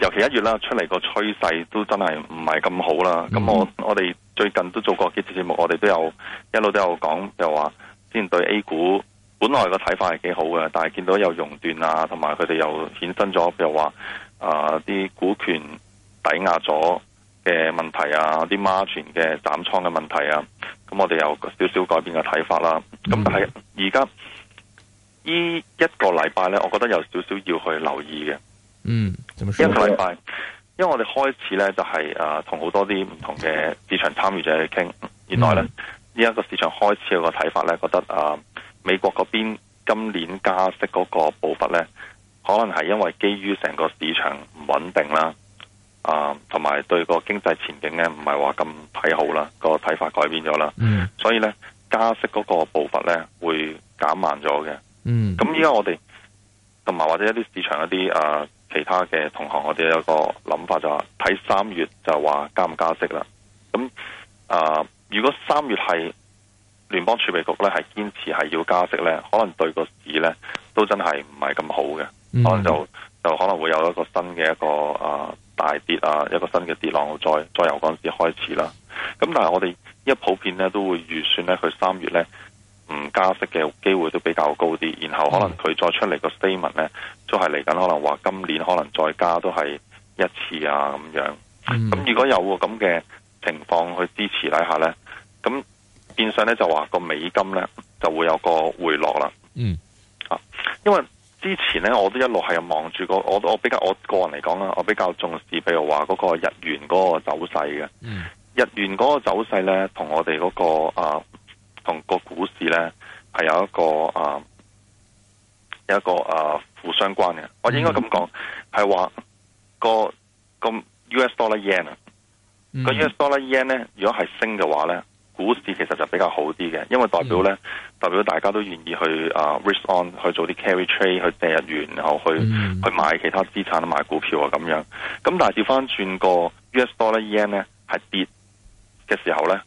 尤其一月啦，出嚟個趨勢都真係唔係咁好啦。咁、嗯、我我哋最近都做過幾次節目，我哋都有一路都有講，譬如話之前對 A 股本來個睇法係幾好嘅，但係見到有熔斷啊，同埋佢哋又衍生咗，譬如話啊啲股權抵押咗嘅問題啊，啲孖展嘅斬倉嘅問題啊，咁我哋有少少改變個睇法啦。咁、嗯、但係而家依一個禮拜呢，我覺得有少少要去留意嘅。嗯，一個禮拜，因為我哋開始咧就係、是、誒、呃、同好多啲唔同嘅市場參與者去傾，原來咧呢一個、嗯、市場開始有個睇法咧，覺得誒、呃、美國嗰邊今年加息嗰個步伐咧，可能係因為基於成個市場唔穩定啦，啊、呃，同埋對個經濟前景咧唔係話咁睇好啦，個睇法改變咗啦，嗯、所以咧加息嗰個步伐咧會減慢咗嘅，嗯，咁依家我哋同埋或者一啲市場一啲誒。啊啊其他嘅同行，我哋有一個諗法就話睇三月就話加唔加息啦。咁啊、呃，如果三月係聯邦儲備局咧係堅持係要加息咧，可能對個市咧都真係唔係咁好嘅，嗯、可能就就可能會有一個新嘅一個啊、呃、大跌啊，一個新嘅跌浪再再由嗰陣時開始啦。咁但係我哋依家普遍咧都會預算咧，佢三月咧。唔加息嘅機會都比較高啲，然後可能佢再出嚟個 statement 咧，都係嚟緊可能話今年可能再加都係一次啊咁樣。咁、mm hmm. 如果有個咁嘅情況去支持底下咧，咁變相咧就話個美金咧就會有個回落啦。嗯啊、mm，hmm. 因為之前咧我都一路係望住個我我比較我個人嚟講啦，我比較重視，譬如話嗰個日元嗰個走勢嘅。嗯、mm，hmm. 日元嗰個走勢咧同我哋嗰個啊。同個股市咧係有一個啊有一個啊負相關嘅，我應該咁講係話個個 U.S. dollar yen 啊，個 U.S. dollar yen 咧、啊 mm hmm. 如果係升嘅話咧，股市其實就比較好啲嘅，因為代表咧、mm hmm. 代表大家都願意去啊、uh, risk on 去做啲 carry trade 去借日元，然後去、mm hmm. 去買其他資產啊，買股票啊咁樣。咁但係調翻轉個 U.S. dollar yen 咧係跌嘅時候咧。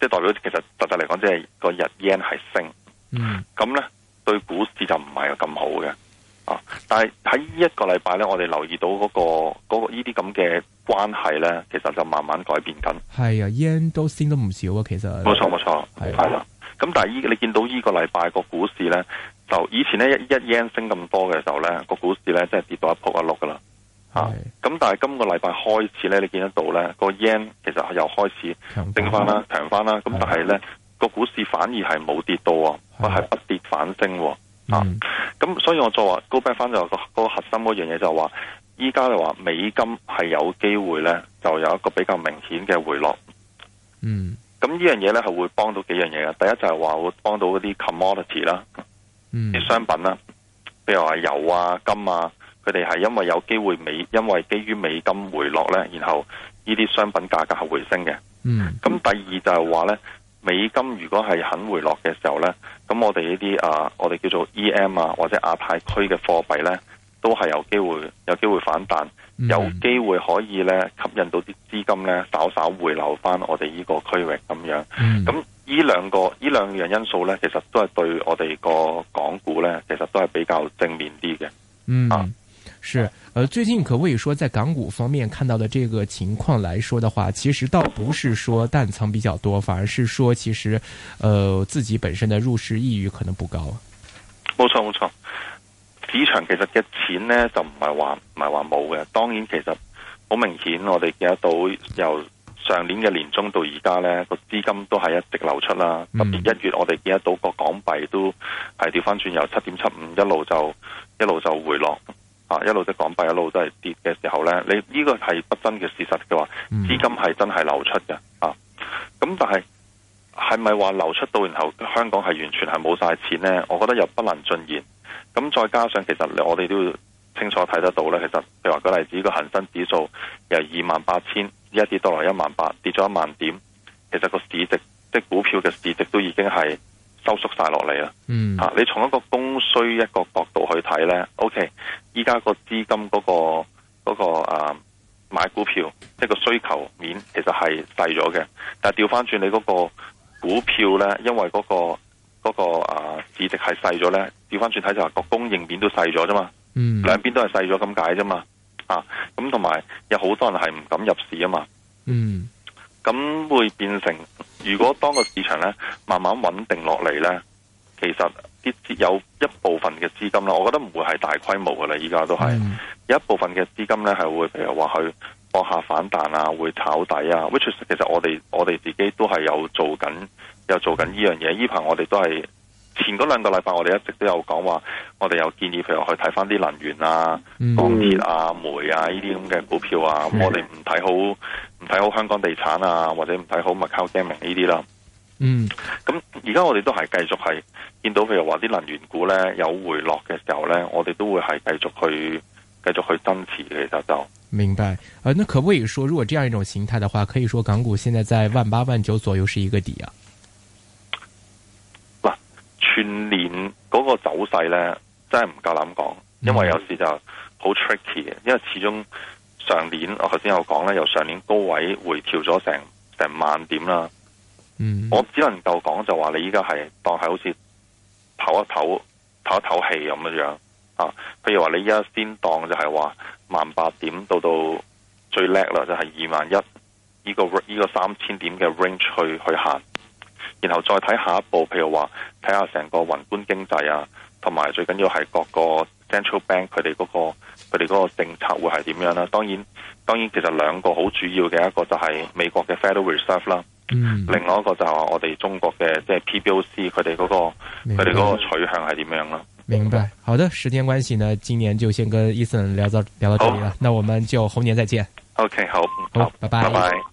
即係代表其實實際嚟講，即係個日 yen 係升，咁咧、嗯、對股市就唔係咁好嘅。啊！但係喺呢一個禮拜咧，我哋留意到嗰、那個嗰呢啲咁嘅關係咧，其實就慢慢改變緊。係啊，yen 都升得唔少啊，其實。冇錯冇錯，係啦。咁但係呢你見到呢個禮拜個股市咧，就以前咧一一 yen 升咁多嘅時候咧，個股市咧即係跌到一仆一碌㗎喇。吓，咁是、啊、但係今個禮拜開始咧，你見得到咧、呢個 yen 其實又開始升翻啦、強翻啦，咁了是但係咧個股市反而係冇跌到啊，係是不跌反升、嗯、啊，咁所以我再話 go back 翻就個個核心嗰樣嘢就話，依家就話美金係有機會咧就有一個比較明顯嘅回落，嗯，咁呢樣嘢咧係會幫到幾樣嘢嘅，第一就係話會幫到嗰啲 commodity 啦、嗯，啲商品啦，譬如話油啊、金啊。金啊佢哋係因為有機會美，因為基於美金回落咧，然後呢啲商品價格係回升嘅。嗯。咁第二就係話咧，美金如果係肯回落嘅時候咧，咁我哋呢啲啊，我哋叫做 EM 啊或者亞太區嘅貨幣咧，都係有機會有機會反彈，嗯、有機會可以咧吸引到啲資金咧，稍稍回流翻我哋呢個區域咁樣。嗯。咁呢兩個呢兩樣因素咧，其實都係對我哋個港股咧，其實都係比較正面啲嘅。嗯。啊。是，呃，最近可不可以說在港股方面看到的這個情況來說的話，其實倒不是說淡倉比較多，反而是說其實，呃，自己本身的入市意欲可能不高啊。冇錯冇錯，市場其實嘅錢呢就唔係話唔係話冇嘅。當然其實好明顯，我哋見得到由上年嘅年中到而家呢個資金都係一直流出啦。嗯、特別一月我哋見得到個港幣都係調翻轉由75，由七點七五一路就一路就回落。啊！一路都港幣，一路都係跌嘅時候呢，你呢、這個係不爭嘅事實嘅話，資金係真係流出嘅啊！咁但係係咪話流出到然後香港係完全係冇晒錢呢？我覺得又不能盡言。咁、嗯、再加上其實我哋都要清楚睇得到呢，其實譬如話個例子，個恒生指數由二萬八千一跌到落一萬八，跌咗一萬點，其實個市值即係股票嘅市值都已經係。收縮晒落嚟啊！嗯、啊，你從一個供需一個角度去睇咧，OK，依家個資金嗰、嗰個、嗰個、啊買股票一、即係、個需求面其實係細咗嘅，但係調翻轉你嗰個股票咧，因為嗰、嗰個嗰、嗰個啊市值係細咗咧，調翻轉睇就話個供應面都細咗啫嘛，嗯、兩邊都係細咗咁解啫嘛，啊，咁同埋有好多人係唔敢入市啊嘛，嗯，咁會變成。如果當個市場咧慢慢穩定落嚟咧，其實啲有一部分嘅資金咧，我覺得唔會係大規模嘅啦。依家都係有、mm. 一部分嘅資金咧，係會譬如話去博下反彈啊，會炒底啊。Which is, 其實我哋我哋自己都係有做緊有做緊呢樣嘢。依排我哋都係前嗰兩個禮拜，我哋一直都有講話，我哋有建議譬如去睇翻啲能源啊、鋼鐵啊、煤啊呢啲咁嘅股票啊。Mm. 我哋唔睇好。唔睇好香港地產啊，或者唔睇好 Macau Gaming 呢啲啦。嗯，咁而家我哋都係繼續係見到，譬如話啲能源股咧有回落嘅時候咧，我哋都會係繼續去繼續去增持嘅就就是。明白。誒、啊，可唔可以說，如果這樣一種形態嘅話，可以說港股現在在萬八萬九左右是一個底啊？嗱、啊，全年嗰個走勢咧真係唔夠膽講，因為有時就好 tricky 嘅，因為始終。上年我頭先有講咧，由上年高位回調咗成成萬點啦。嗯，我只能夠講就話你依家係當係好似唞一唞唞一唞氣咁樣啊。譬如話你依家先當就係話萬八點到到最叻啦，就係二萬一呢個呢個三千點嘅 range 去去行，然後再睇下一步，譬如話睇下成個宏觀經濟啊，同埋最緊要係各個。Central Bank 佢哋嗰個佢哋嗰個政策會係點樣啦？當然當然其實兩個好主要嘅一個就係美國嘅 Federal Reserve 啦，嗯，另外一個就係我哋中國嘅即係、就是、PBOC 佢哋嗰、嗰個佢哋嗰個取向係點樣啦？明白。好的，時間關係呢，今年就先跟 Ethan 聊到聊到這裡啦。好那我們就猴年再見。OK，好，好，拜拜。